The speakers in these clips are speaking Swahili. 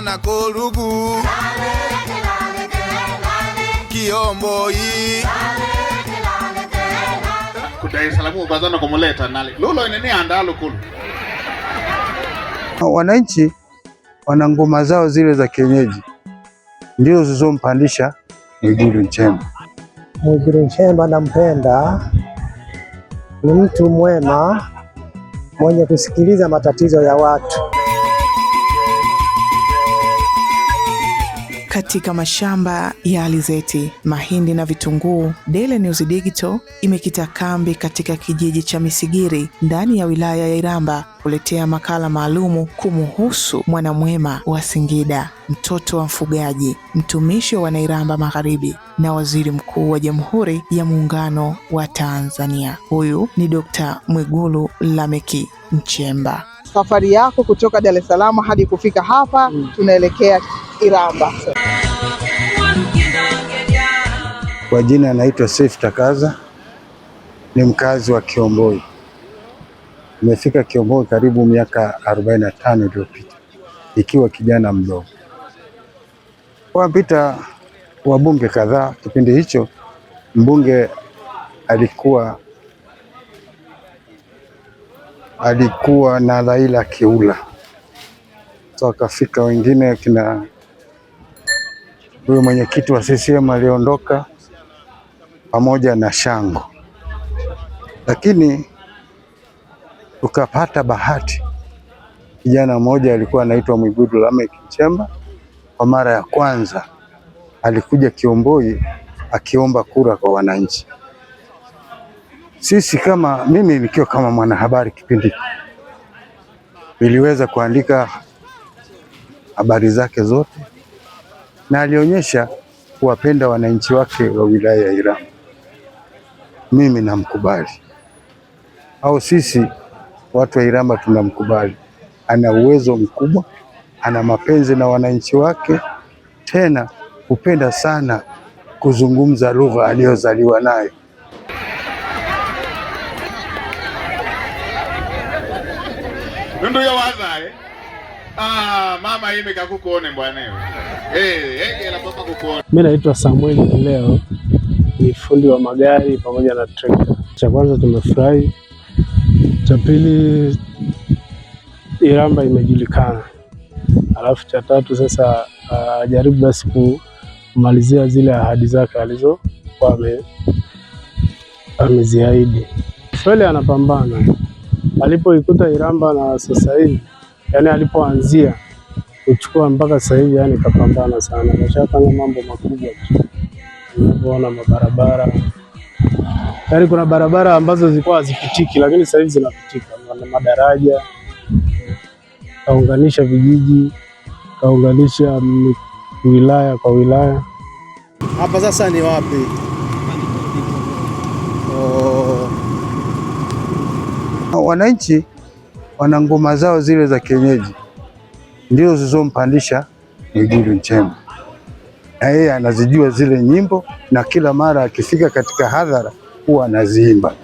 na kolugu kiomboi kudaisalamu nale andalo kulu wananchi wana ngoma zao zile za kienyeji ndio zizompandisha Mwigulu Nchemba. Mwigulu Nchemba nampenda, ni mtu mwema mwenye kusikiliza matatizo ya watu. katika mashamba ya alizeti, mahindi na vitunguu. Daily News Digital imekita kambi katika kijiji cha Misigiri ndani ya wilaya ya Iramba kuletea makala maalumu kumuhusu mwanamwema wa Singida, mtoto wa mfugaji, mtumishi wa Wanairamba Magharibi na waziri mkuu wa Jamhuri ya Muungano wa Tanzania. Huyu ni Dr. Mwigulu Lameki Nchemba safari yako kutoka Dar es Salaam hadi kufika hapa mm. tunaelekea Iramba. Kwa jina anaitwa Saif Takaza, ni mkazi wa Kiomboi. Nimefika Kiomboi karibu miaka 45 iliyopita ikiwa kijana mdogo. Wapita wabunge kadhaa kipindi hicho, mbunge alikuwa alikuwa na Laila Kiula so akafika wengine akina huyo mwenyekiti wa CCM aliondoka pamoja na Shango, lakini tukapata bahati, kijana mmoja alikuwa anaitwa Mwigulu Lameck Nchemba. Kwa mara ya kwanza alikuja Kiomboi akiomba kura kwa wananchi sisi kama mimi nikiwa kama mwanahabari kipindi niliweza kuandika habari zake zote, na alionyesha kuwapenda wananchi wake wa wilaya ya Iramba. Mimi namkubali, au sisi watu wa Iramba tunamkubali. Ana uwezo mkubwa, ana mapenzi na wananchi wake, tena hupenda sana kuzungumza lugha aliyozaliwa nayo. ndu yowadhae ah, mama ime kakukuone mbwanewe eh, hey, eh, eh, hey, kukuone. Mimi naitwa Samuel leo ni fundi wa magari pamoja na trekta. Cha kwanza tumefurahi, cha pili Iramba imejulikana, alafu cha tatu sasa ah, ajaribu uh, basi kumalizia zile ahadi zake alizokuwa ameziahidi. Kweli anapambana alipoikuta Iramba na sasa hivi, yani alipoanzia kuchukua mpaka sasa hivi, yani kapambana sana, ameshafanya mambo makubwa. Unavyoona mabarabara, yani kuna barabara ambazo zilikuwa hazipitiki, lakini sasa hivi zinapitika, na madaraja kaunganisha vijiji, kaunganisha wilaya kwa wilaya. Hapa sasa ni wapi? wananchi wana ngoma zao zile za kienyeji ndio zilizompandisha Mwigulu Nchemba, na yeye anazijua zile nyimbo, na kila mara akifika katika hadhara huwa anaziimba.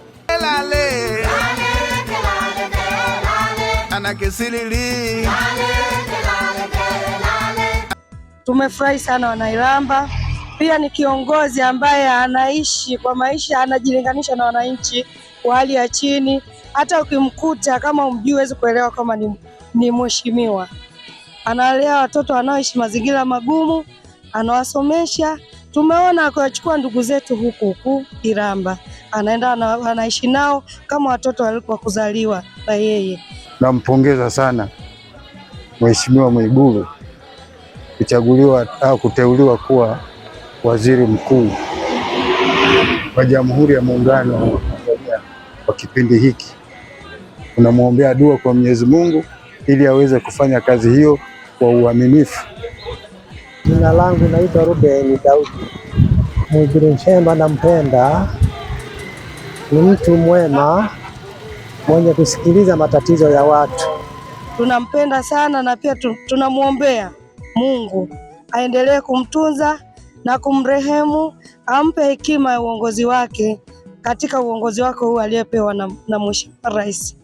Tumefurahi sana Wanailamba. Pia ni kiongozi ambaye anaishi kwa maisha, anajilinganisha na wananchi wa hali ya chini hata ukimkuta kama umjui huwezi kuelewa kama ni, ni mheshimiwa. Analea watoto wanaoishi mazingira magumu, anawasomesha. Tumeona akiwachukua ndugu zetu huku huku Iramba, anaenda anaishi nao kama watoto walikuwa kuzaliwa na yeye. Nampongeza sana Mheshimiwa Mwigulu kuchaguliwa au kuteuliwa kuwa waziri mkuu wa Jamhuri ya Muungano wa Tanzania kwa kipindi hiki unamwombea dua kwa Mwenyezi Mungu ili aweze kufanya kazi hiyo kwa uaminifu. Jina langu naitwa Ruben Daudi Mwijiri Nchemba. Nampenda, ni mtu mwema mwenye kusikiliza matatizo ya watu. Tunampenda sana na pia tunamwombea Mungu aendelee kumtunza na kumrehemu, ampe hekima ya uongozi wake katika uongozi wake huu aliyepewa na, na mheshimiwa rais.